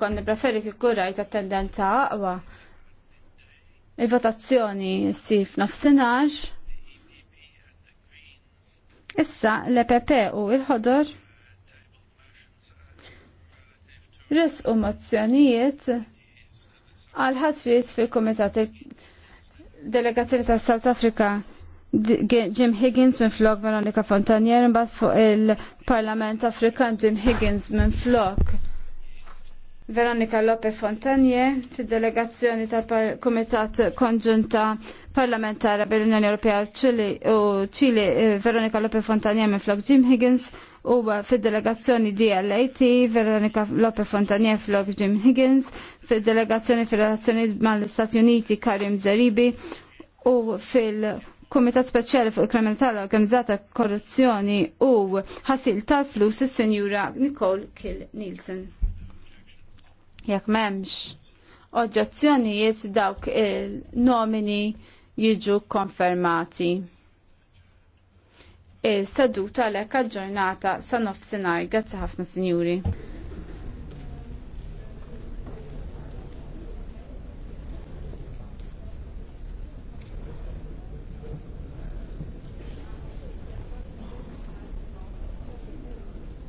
Kon nipreferi kikku rajt tendenza aqwa. Il-votazzjoni sif nafsinax. Issa l-EPP u il-ħodor ris u mozzjonijiet għal ħatrit fil komitat delegazzjoni ta' South Africa Jim Higgins minn flok Veronica Fontanier mbagħad fuq il-Parlament Afrikan Jim Higgins minn flok. Veronika Lope Fontanje, fil-delegazzjoni tal-Komitat Konġunta Parlamentara bil-Unjoni Ewropea u Ċili, eh, Veronika Lope Fontanje minn flok Jim Higgins, u fil-delegazzjoni DLAT, Veronika Lope Fontanje flok Jim Higgins, fil-delegazzjoni fil-relazzjoni mal-Stati Uniti Karim Zeribi, u fil- Komitat Speċjali fuq il-Kriminalità organizzata Korruzzjoni u ħasil tal-flus is-Sinjura Nicole Kill Nielsen. Jekk m'hemmx oġġezzjonijiet dawk il-nomini jiġu konfermati. Il-seduta l-ekka ġurnata sa' nofsinhar, grazzi ħafna sinjuri.